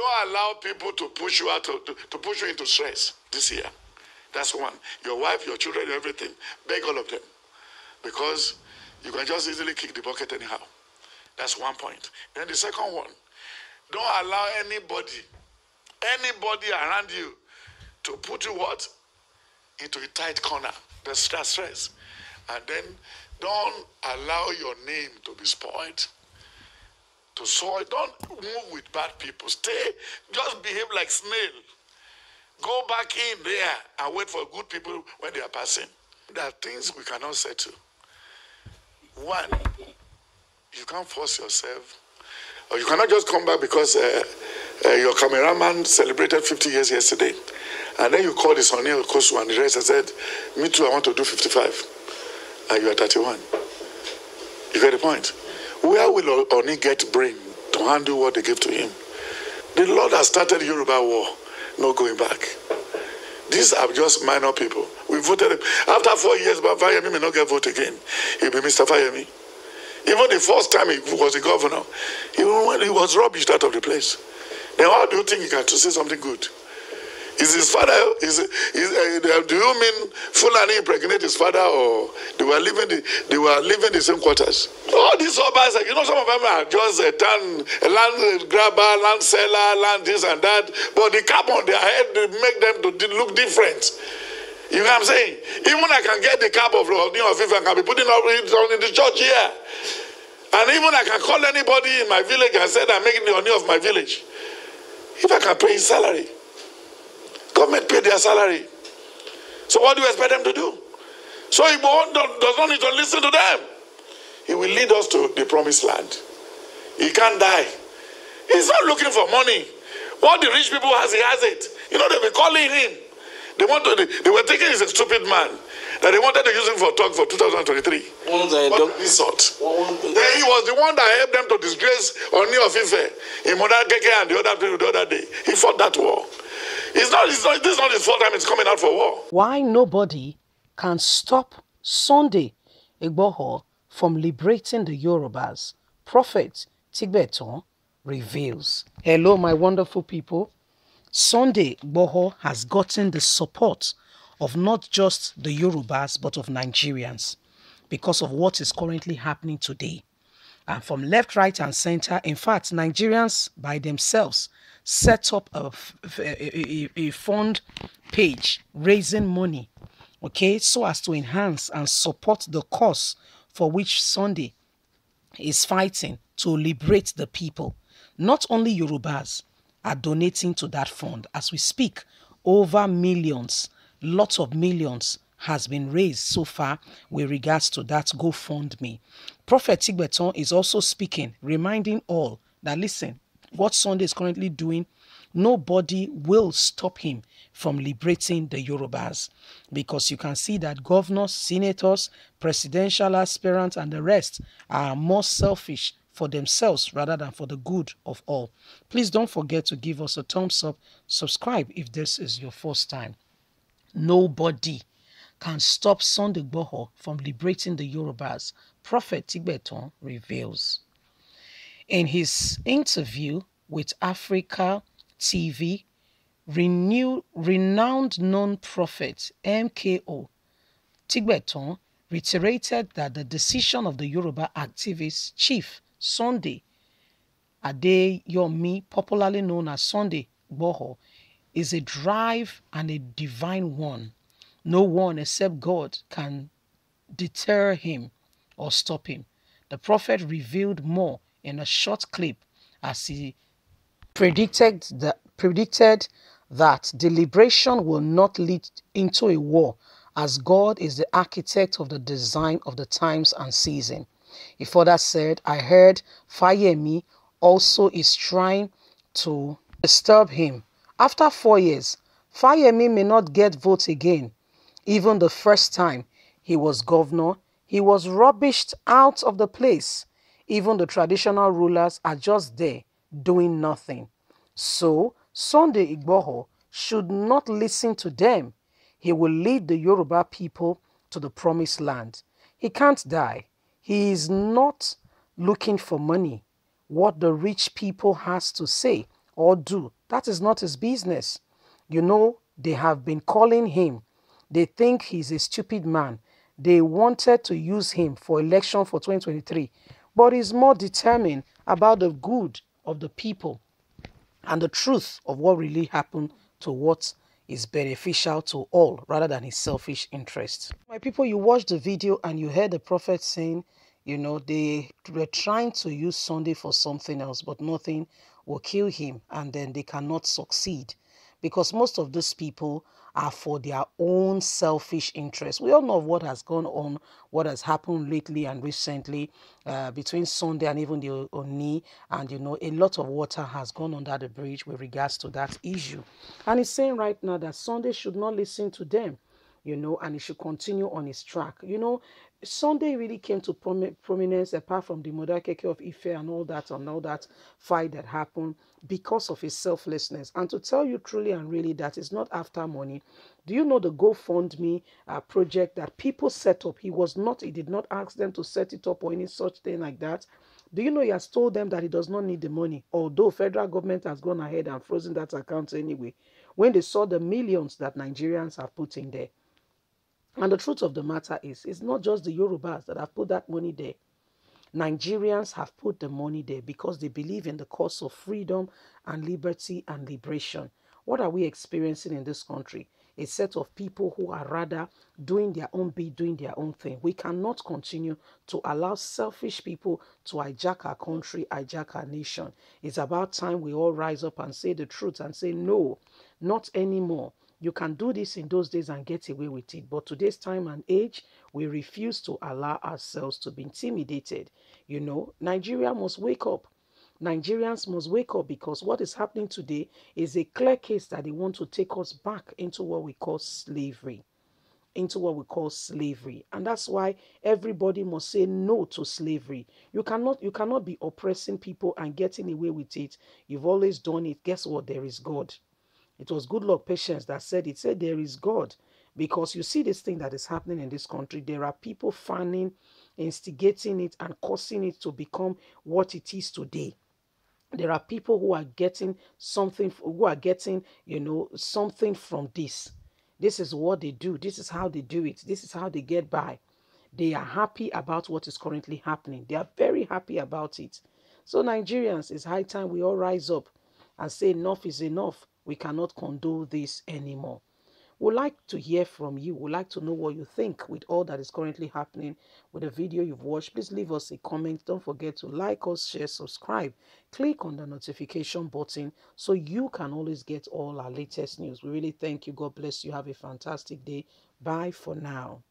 don't allow people to push you out of, to, to push you into stress this year. That's one. Your wife, your children, everything. Beg all of them. Because you can just easily kick the bucket anyhow. That's one point. Then the second one, don't allow anybody, anybody around you to put you what? Into a tight corner. That's stress. And then don't allow your name to be spoiled to soil. Don't move with bad people. Stay, just behave like snail. Go back in there and wait for good people when they are passing. There are things we cannot settle. One, you can't force yourself, or you cannot just come back because uh, uh, your cameraman celebrated 50 years yesterday, and then you call the Sonny Okosu and the rest and said, Me too, I want to do 55, and you are 31. You get the point? Where will Oni get brain to handle what they give to him? The Lord has started Yoruba war, no going back. These are just minor people. We voted him. After four years, but Fayemi may not get vote again. He'll be Mr. Fayemi. Even the first time he was the governor, even when he was rubbish out of the place. Now how do you think he can to say something good? Is his father? Is, is uh, do you mean Fulani impregnate his father, or they were living the, they were living the same quarters? All these obas, like, you know, some of them are just a town, a land grabber, land seller, land this and that. But the cap on their head make them to look different. You know what I'm saying? Even I can get the cap of Lord. You know, if I can be putting up in the church here. And even I can call anybody in my village and say that I'm making the money of my village. If I can pay his salary. Government paid their salary. So what do you expect them to do? So Igbo does not need to listen to them. He will lead us to the promised land. He can't die. He's not looking for money. What the rich people has, he has it. You know, they've been calling him. They, want to, they, they were thinking he's a stupid man that they wanted to use him for talk for 2023. What result? Then he was the one that helped them to disgrace Oni of Ife in Modakeke and the other, the other day. He fought that war. It's not, it's not, this is not his fault time it's coming out for war. Why nobody can stop Sunday Igboho from liberating the Yorubas? Prophet Tigbeton reveals. Hello, my wonderful people. Sunday Igboho has gotten the support of not just the Yorubas, but of Nigerians because of what is currently happening today. And from left, right, and center, in fact, Nigerians by themselves set up a, a, a, fund page raising money, okay, so as to enhance and support the cause for which Sunday is fighting to liberate the people. Not only Yorubas are donating to that fund. As we speak, over millions lots of millions has been raised so far with regards to that GoFundMe. Prophet Tigbeton is also speaking, reminding all that listen, what Sunday is currently doing, nobody will stop him from liberating the Yorubas. Because you can see that governors, senators, presidential aspirants, and the rest are more selfish for themselves rather than for the good of all. Please don't forget to give us a thumbs up, subscribe if this is your first time. Nobody can stop Sunday Boho from liberating the Yorubas, Prophet Tibeton reveals. In his interview with Africa TV, renew, renowned non-profit MKO Tigbeton reiterated that the decision of the Yoruba activist chief Sunday Adeyomi, popularly known as Sunday Boho, is a drive and a divine one. No one except God can deter him or stop him. The prophet revealed more in a short clip as he predicted, predicted that deliberation will not lead into a war as God is the architect of the design of the times and season. He further said, I heard Fayemi also is trying to disturb him after four years, Fayemi may not get votes again. Even the first time he was governor, he was rubbished out of the place. Even the traditional rulers are just there, doing nothing. So, Sunday Igboho should not listen to them. He will lead the Yoruba people to the promised land. He can't die. He is not looking for money. What the rich people has to say or do. That is not his business. You know, they have been calling him. They think he's a stupid man. They wanted to use him for election for 2023, but he's more determined about the good of the people and the truth of what really happened to what is beneficial to all rather than his selfish interests. My people, you watched the video and you heard the prophet saying, you know, they were trying to use Sunday for something else, but nothing will kill him and then they cannot succeed because most of those people are for their own selfish interests. We all know what has gone on, what has happened lately and recently uh, between Sunday and even the Oni, and you know, a lot of water has gone under the bridge with regards to that issue. And he's saying right now that Sunday should not listen to them you know, and he should continue on his track. You know, Sunday really came to prom prominence apart from the Modakeke of Ife and all that and all that fight that happened because of his selflessness. And to tell you truly and really that it's not after money. Do you know the GoFundMe uh, project that people set up? He was not, he did not ask them to set it up or any such thing like that. Do you know he has told them that he does not need the money? Although federal government has gone ahead and frozen that account anyway. When they saw the millions that Nigerians have put in there. And the truth of the matter is, it's not just the Yorubas that have put that money there. Nigerians have put the money there because they believe in the cause of freedom and liberty and liberation. What are we experiencing in this country? A set of people who are rather doing their own bit, doing their own thing. We cannot continue to allow selfish people to hijack our country, hijack our nation. It's about time we all rise up and say the truth and say, no, not anymore. You can do this in those days and get away with it. But today's time and age, we refuse to allow ourselves to be intimidated. You know, Nigeria must wake up. Nigerians must wake up because what is happening today is a clear case that they want to take us back into what we call slavery. Into what we call slavery. And that's why everybody must say no to slavery. You cannot you cannot be oppressing people and getting away with it. You've always done it. Guess what? There is God. It was good luck patience that said it. Said there is God. Because you see this thing that is happening in this country. There are people fanning, instigating it, and causing it to become what it is today there are people who are getting something who are getting you know something from this this is what they do this is how they do it this is how they get by they are happy about what is currently happening they are very happy about it so nigerians it's high time we all rise up and say enough is enough we cannot condone this anymore. We'd like to hear from you. We'd like to know what you think with all that is currently happening with the video you've watched. Please leave us a comment. Don't forget to like us, share, subscribe. Click on the notification button so you can always get all our latest news. We really thank you. God bless you. Have a fantastic day. Bye for now.